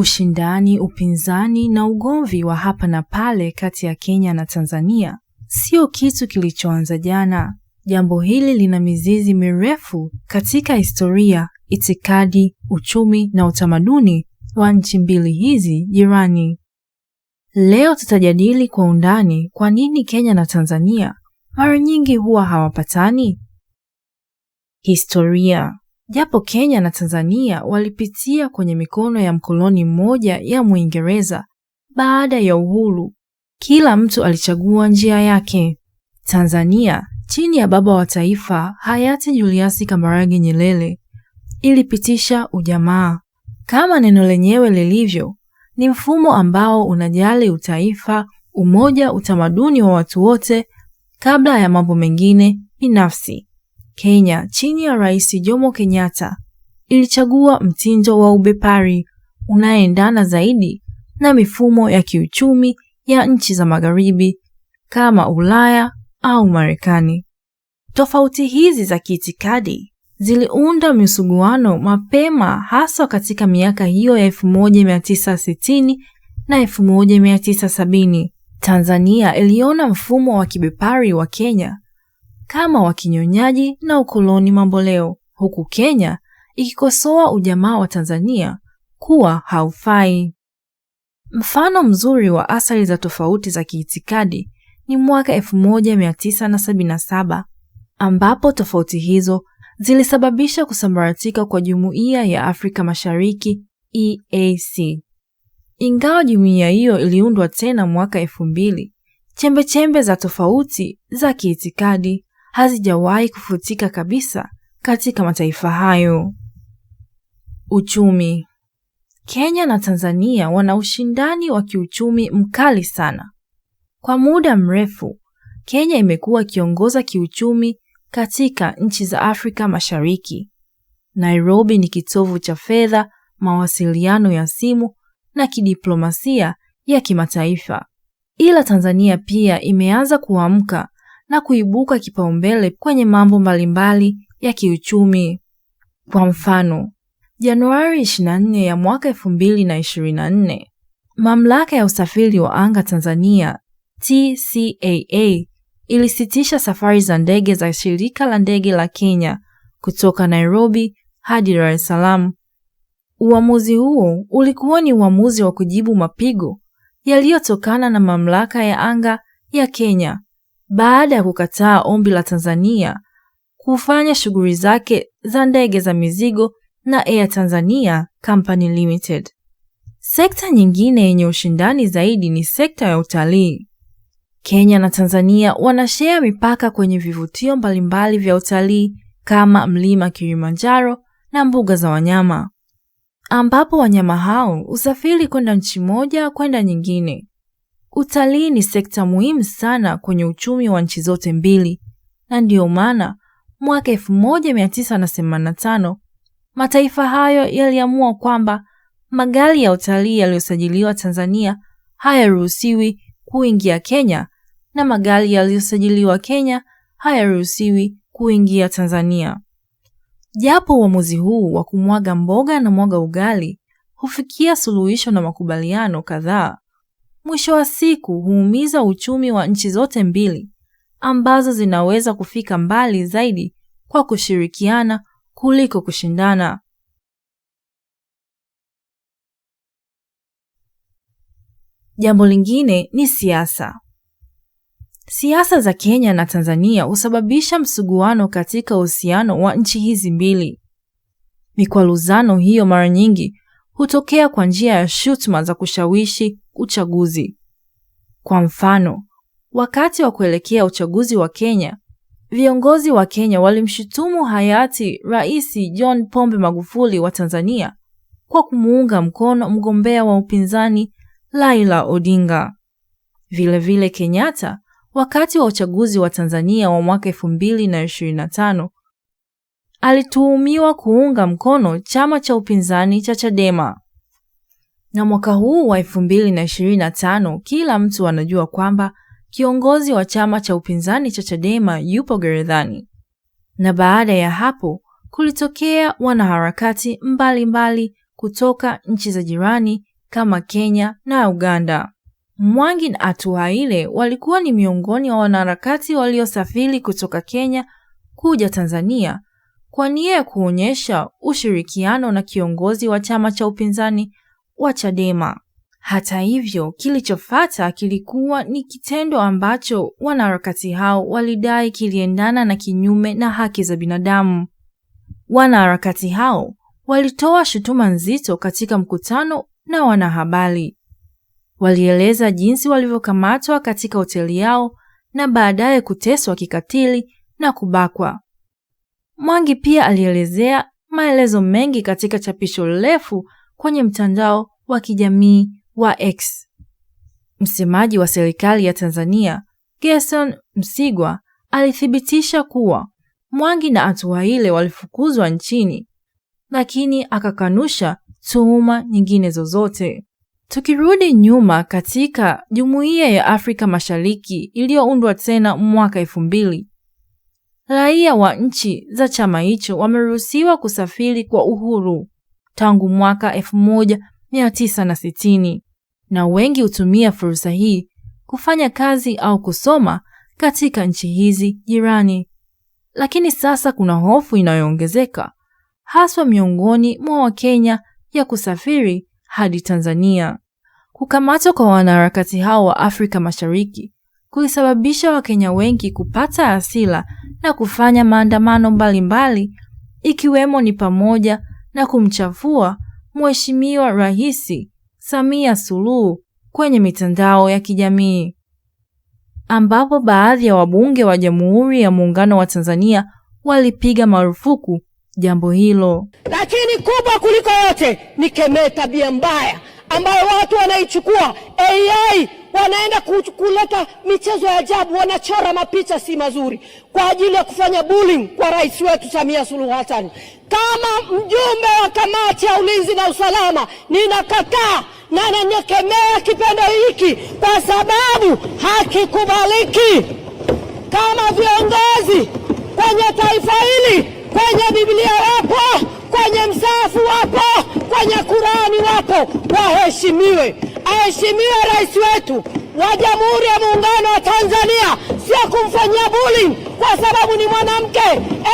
ushindani, upinzani na ugomvi wa hapa na pale kati ya Kenya na Tanzania sio kitu kilichoanza jana. Jambo hili lina mizizi mirefu katika historia, itikadi, uchumi na utamaduni wa nchi mbili hizi jirani. Leo tutajadili kwa undani kwa nini Kenya na Tanzania mara nyingi huwa hawapatani. Historia. Japo Kenya na Tanzania walipitia kwenye mikono ya mkoloni mmoja ya Mwingereza, baada ya uhuru kila mtu alichagua njia yake. Tanzania chini ya baba wa taifa hayati Julius Kambarage Nyerere ilipitisha ujamaa. Kama neno lenyewe lilivyo, ni mfumo ambao unajali utaifa, umoja, utamaduni wa watu wote kabla ya mambo mengine binafsi. Kenya chini ya Rais Jomo Kenyatta ilichagua mtindo wa ubepari unaendana zaidi na mifumo ya kiuchumi ya nchi za magharibi kama Ulaya au Marekani. Tofauti hizi za kiitikadi ziliunda misuguano mapema hasa katika miaka hiyo ya 1960 na 1970. Tanzania iliona mfumo wa kibepari wa Kenya kama wakinyonyaji na ukoloni mamboleo, huku Kenya ikikosoa ujamaa wa Tanzania kuwa haufai. Mfano mzuri wa athari za tofauti za kiitikadi ni mwaka 1977 ambapo tofauti hizo zilisababisha kusambaratika kwa Jumuiya ya Afrika Mashariki EAC. Ingawa jumuiya hiyo iliundwa tena mwaka 2000, chembe chembe za tofauti za kiitikadi hazijawahi kufutika kabisa katika mataifa hayo. Uchumi. Kenya na Tanzania wana ushindani wa kiuchumi mkali sana. Kwa muda mrefu, Kenya imekuwa ikiongoza kiuchumi katika nchi za Afrika Mashariki. Nairobi ni kitovu cha fedha, mawasiliano ya simu na kidiplomasia ya kimataifa. Ila Tanzania pia imeanza kuamka na kuibuka kipaumbele kwenye mambo mbalimbali ya kiuchumi. Kwa mfano, Januari 24 ya mwaka 2024, Mamlaka ya Usafiri wa Anga Tanzania TCAA ilisitisha safari za ndege za shirika la ndege la Kenya kutoka Nairobi hadi Dar es Salaam. Uamuzi huo ulikuwa ni uamuzi wa kujibu mapigo yaliyotokana na Mamlaka ya Anga ya Kenya baada ya kukataa ombi la Tanzania kufanya shughuli zake za ndege za mizigo na Air Tanzania Company Limited. Sekta nyingine yenye ushindani zaidi ni sekta ya utalii. Kenya na Tanzania wanashea mipaka kwenye vivutio mbalimbali vya utalii kama mlima Kilimanjaro na mbuga za wanyama, ambapo wanyama hao husafiri kwenda nchi moja kwenda nyingine. Utalii ni sekta muhimu sana kwenye uchumi wa nchi zote mbili, na ndiyo maana mwaka 1985 mataifa hayo yaliamua kwamba magari ya utalii yaliyosajiliwa Tanzania hayaruhusiwi kuingia Kenya na magari yaliyosajiliwa Kenya hayaruhusiwi kuingia Tanzania. Japo uamuzi huu wa kumwaga mboga na mwaga ugali hufikia suluhisho na makubaliano kadhaa mwisho wa siku huumiza uchumi wa nchi zote mbili ambazo zinaweza kufika mbali zaidi kwa kushirikiana kuliko kushindana. Jambo lingine ni siasa. Siasa za Kenya na Tanzania husababisha msuguano katika uhusiano wa nchi hizi mbili. Mikwaruzano hiyo mara nyingi hutokea kwa njia ya shutuma za kushawishi uchaguzi. Kwa mfano, wakati wa kuelekea uchaguzi wa Kenya, viongozi wa Kenya walimshutumu hayati Rais John Pombe Magufuli wa Tanzania kwa kumuunga mkono mgombea wa upinzani Raila Odinga. Vilevile vile Kenyatta wakati wa uchaguzi wa Tanzania wa mwaka 2025 alituhumiwa kuunga mkono chama cha upinzani cha Chadema. Na mwaka huu wa elfu kila mtu anajua kwamba kiongozi wa chama cha upinzani cha Chadema yupo gerezani. Na baada ya hapo kulitokea wanaharakati mbalimbali mbali kutoka nchi za jirani kama Kenya na Uganda. Mwangi na Atuhaire walikuwa ni miongoni wa wanaharakati waliosafiri kutoka Kenya kuja Tanzania kwa nia ya kuonyesha ushirikiano na kiongozi wa chama cha upinzani wa Chadema. Hata hivyo, kilichofata kilikuwa ni kitendo ambacho wanaharakati hao walidai kiliendana na kinyume na haki za binadamu. Wanaharakati hao walitoa shutuma nzito katika mkutano na wanahabari. Walieleza jinsi walivyokamatwa katika hoteli yao na baadaye kuteswa kikatili na kubakwa. Mwangi pia alielezea maelezo mengi katika chapisho refu kwenye mtandao wa kijamii wa X. Msemaji wa serikali ya Tanzania Gerson Msigwa alithibitisha kuwa Mwangi na ile walifukuzwa nchini, lakini akakanusha tuhuma nyingine zozote. Tukirudi nyuma katika Jumuiya ya Afrika Mashariki iliyoundwa tena mwaka elfu mbili, raia wa nchi za chama hicho wameruhusiwa kusafiri kwa uhuru tangu mwaka elfu moja mia na wengi hutumia fursa hii kufanya kazi au kusoma katika nchi hizi jirani. Lakini sasa kuna hofu inayoongezeka haswa miongoni mwa Wakenya ya kusafiri hadi Tanzania. Kukamatwa kwa wanaharakati hao wa Afrika Mashariki kulisababisha Wakenya wengi kupata asila na kufanya maandamano mbalimbali, ikiwemo ni pamoja na kumchafua Mheshimiwa Rais Samia Suluhu kwenye mitandao ya kijamii, ambapo baadhi ya wabunge wa Jamhuri ya Muungano wa Tanzania walipiga marufuku jambo hilo. Lakini kubwa kuliko yote ni kemee tabia mbaya ambayo watu wanaichukua AI wanaenda kuleta michezo ya ajabu, wanachora mapicha si mazuri kwa ajili ya kufanya bullying kwa rais wetu Samia Suluhu Hassan. Kama mjumbe wa kamati ya ulinzi na usalama, ninakataa na nanyekemea kipendo hiki kwa sababu hakikubaliki. Kama viongozi kwenye taifa hili, kwenye Biblia wapo, kwenye msaafu wapo kwenye Kurani wako waheshimiwe, aheshimiwe rais wetu wa Jamhuri ya Muungano wa Tanzania, sio kumfanyia bullying kwa sababu ni mwanamke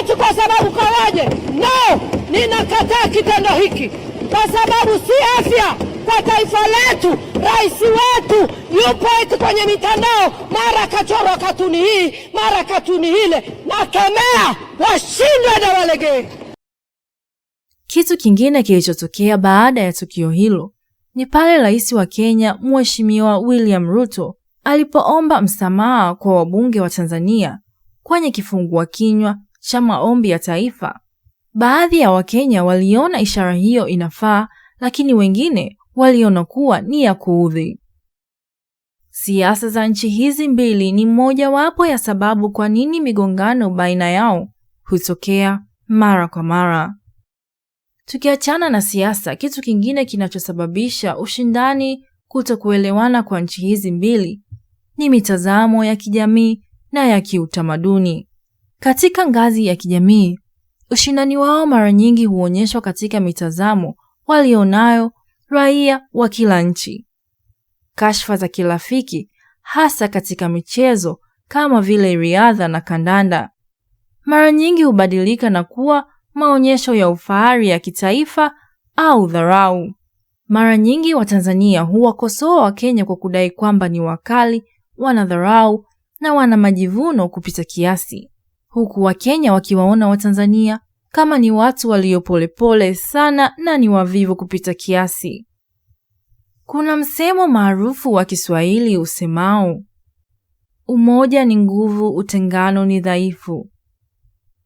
eti kwa sababu kawaje. No, ninakataa kitendo hiki kwa sababu si afya kwa taifa letu. Rais wetu yupo eti kwenye mitandao, mara kachorwa katuni hii, mara katuni ile. Nakemea, washindwe na walegee. Kitu kingine kilichotokea baada ya tukio hilo ni pale rais wa Kenya Mheshimiwa William Ruto alipoomba msamaha kwa wabunge wa Tanzania kwenye kifungua kinywa cha maombi ya taifa. Baadhi ya Wakenya waliona ishara hiyo inafaa, lakini wengine waliona kuwa ni ya kuudhi. Siasa za nchi hizi mbili ni mojawapo ya sababu kwa nini migongano baina yao hutokea mara kwa mara. Tukiachana na siasa, kitu kingine kinachosababisha ushindani, kutokuelewana kwa nchi hizi mbili ni mitazamo ya kijamii na ya kiutamaduni. Katika ngazi ya kijamii, ushindani wao mara nyingi huonyeshwa katika mitazamo walionayo raia wa kila nchi, kashfa za kirafiki, hasa katika michezo kama vile riadha na kandanda, mara nyingi hubadilika na kuwa maonyesho ya ufahari ya kitaifa au dharau. Mara nyingi Watanzania huwakosoa Wakenya kwa kudai kwamba ni wakali, wanadharau na wana majivuno kupita kiasi, huku Wakenya wakiwaona Watanzania kama ni watu waliopolepole sana na ni wavivu kupita kiasi. Kuna msemo maarufu wa Kiswahili usemao umoja ni nguvu, utengano ni dhaifu.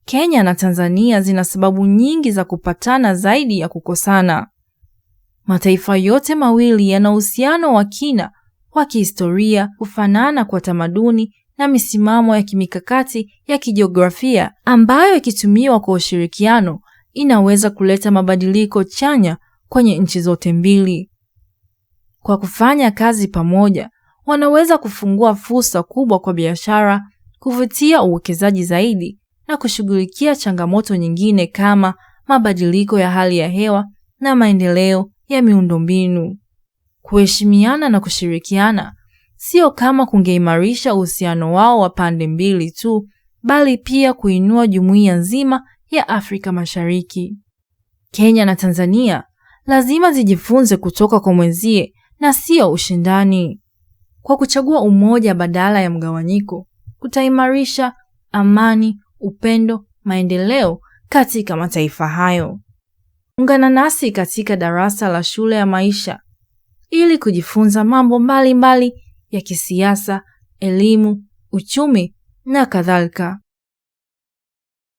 Kenya na Tanzania zina sababu nyingi za kupatana zaidi ya kukosana. Mataifa yote mawili yana uhusiano wa kina wa kihistoria, kufanana kwa tamaduni na misimamo ya kimikakati ya kijiografia ambayo ikitumiwa kwa ushirikiano inaweza kuleta mabadiliko chanya kwenye nchi zote mbili. Kwa kufanya kazi pamoja, wanaweza kufungua fursa kubwa kwa biashara, kuvutia uwekezaji zaidi na kushughulikia changamoto nyingine kama mabadiliko ya hali ya hewa na maendeleo ya miundombinu. Kuheshimiana na kushirikiana sio kama kungeimarisha uhusiano wao wa pande mbili tu, bali pia kuinua jumuiya nzima ya Afrika Mashariki. Kenya na Tanzania lazima zijifunze kutoka kwa mwenzie na sio ushindani. Kwa kuchagua umoja badala ya mgawanyiko, kutaimarisha amani, upendo, maendeleo katika mataifa hayo. Ungana nasi katika darasa la shule ya maisha ili kujifunza mambo mbalimbali mbali ya kisiasa, elimu, uchumi na kadhalika.